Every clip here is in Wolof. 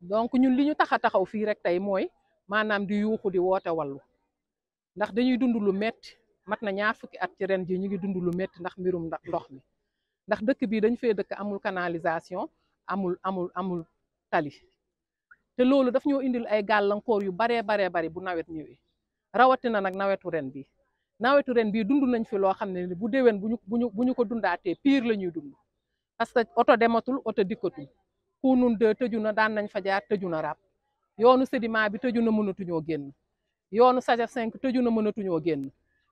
donc ñun li ñu tax a taxaw fii rek tey mooy maanaam di yuuxu di woote wallu ndax dañuy dund lu metti mat na ñaar fukki at ci ren ji ñu ngi dund lu metti ndax mbirum ndox mi ndax dëkk bi dañ fee dëkk amul canalisation amul amul amul tali te loolu daf ñoo indil ay gàllankoor yu baree baree bari bu nawet ñëwee rawatina nag nawetu ren bi nawetu ren bii dund nañ fi loo xam ne bu déwén bu ñu bu ñu bu ñu ko dundaatee piir la ñuy dund parce que oto dematul oto dikkatul Kounoune 2 tëju na daan nañ fa jaar tëju na rab yoonu Sédima bi tëju na mënatuñoo génn yoonu Sadja 5 tëju na mënatuñoo génn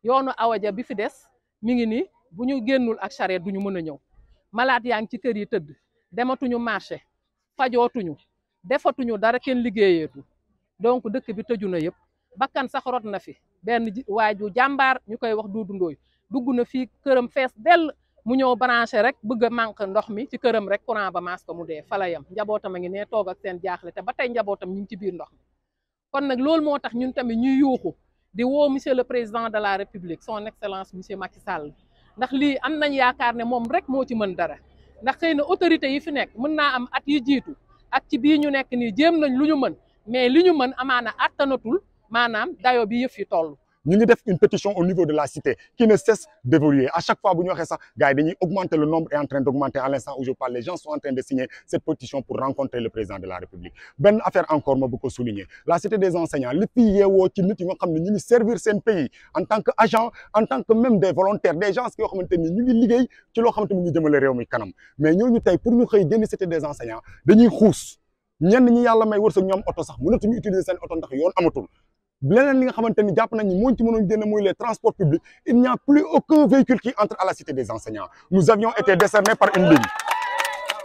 yoonu awaja bi fi des mi ngi ni bu ñu génnul ak charrette duñu mën a ñëw malade yaa ngi ci kër yi tëdd dematuñu marché fajootuñu defatuñu dara kenn liggéeyeetu donc dëkk bi tëju na yëpp bakkan sax rot na fi benn waay ju jàmbaar ñu koy wax duudundooy dugg na fii këram fees dell mu ñëw branché rek bëgg a manque ndox mi ci këram rek courant ba maas ko mu dee fa la yem njabootam a ngi ne toog ak seen jaaxle te ba tey njabootam ñu ngi ci biir ndox mi kon nag loolu moo tax ñun tamit ñuy yuuxu di woo monsieur le président de la république son excellence monsieur Macky Sall ndax lii am nañ yaakaar ne moom rek moo ci mën dara ndax xëy na autorité yi fi nekk mën naa am at yi jiitu at ci biir ñu nekk nii jéem nañ lu ñu mën mais li ñu mën amaana attanatul maanaam dayo bi yëf yi toll Nous avons une pétition au niveau de la cité qui ne cesse d'évoluer à chaque fois le nombre est en train d'augmenter à l'instant où je parle les gens sont en train de signer cette pétition pour rencontrer le président de la République Une affaire encore que souligner la cité des enseignants les pays qui nous nit servir pays en tant que en tant que même des volontaires des gens qui ont nous nous mais pour nous Nous, cité des enseignants dañuy ñenn ñi leneen li nga xamante ni jàpp nañu mooñ ci mënoon génn mooy les transports publics il n'y a plus aucun véhicule qui entre à la cité des enseignants nous avions été desservis par une ligne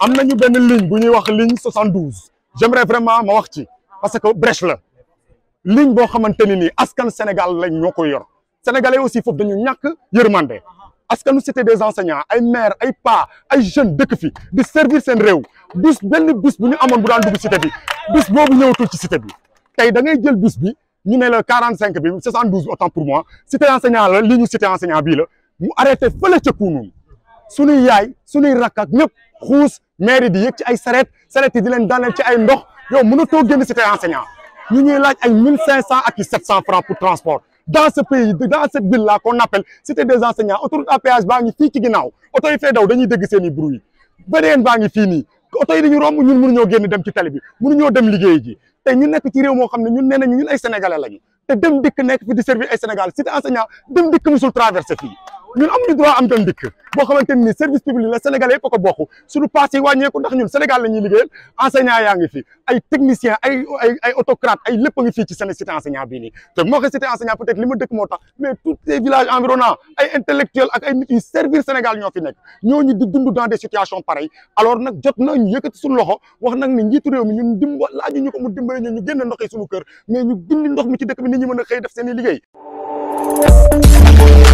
am nañu ligne bu ñuy wax ligne 72 j'aimerais vraiment ma wax ci parce que brèche la ligne boo xamante ni nii askan Sénégal lañ ñoo ko yor sénégalais aussi foofu dañu ñàkk yërmande askanu cité des enseignants ay maire ay pa ay jeunes dëkk fi di servir seen réew bus benn bus bu ñu amoon bu daan dugg cité bi bus boobu ñëwatul ci cité bi tey da ngay jël bus bi ñu ne le 45 72 autant pour moi cité enseignant là, li C'était cité enseignant bi la mu arrêté fële ca Kounoune suñuy yaay suñuy rakk ak ñëpp xuus maire di yëg ci ay sareet sareet di leen daaneel ci ay ndox yow mënatoo génn cité enseignant ñu ñuy laaj ay 1500 ak 700 francs pour transport dans ce pays dans cette ville là qu'on appelle cité des enseignants autour à péage baa ngi ci ginnaaw auto yi fee daw dañuy dégg seen bruit benen baa fi ni auto yi dañu romb ñun mënuñoo génn dem ci tali bi mënuñoo dem liggéey ji te ñu nekk ci réew moo xam ne ñun nee nañu ñun ay sénégalais lañu te dem dikk nekk fi di servir ay Sénégal cité enseignant dem dikk musul traversé fii ñun am ñu droit am tam dikk boo xamante ni service public la sénégalais yëpp ko bokk suñu pass yi wàññeeku ndax ñun sénégal la ñuy liggéeyal enseignant yaa ngi fi ay technicien ay autocrate ay lépp ngi fii ci seen cité enseignant bii nii te moo ko cité enseignant peut être li ma dëkk moo tax mais tous les villages environnants ay intellectuels ay nit sénégal ñoo fi nekk ñooñu di dund dans des situations pareilles alors nag jot na ñu yëkkati suñu loxo wax nag ni njiitu réew mi ñun dimba laaju ñu ko mu dimbale ñu ñu ndox yi suñu kër mais ñu ndox mi ci dëkk bi nit ñi mën a xëy def seen i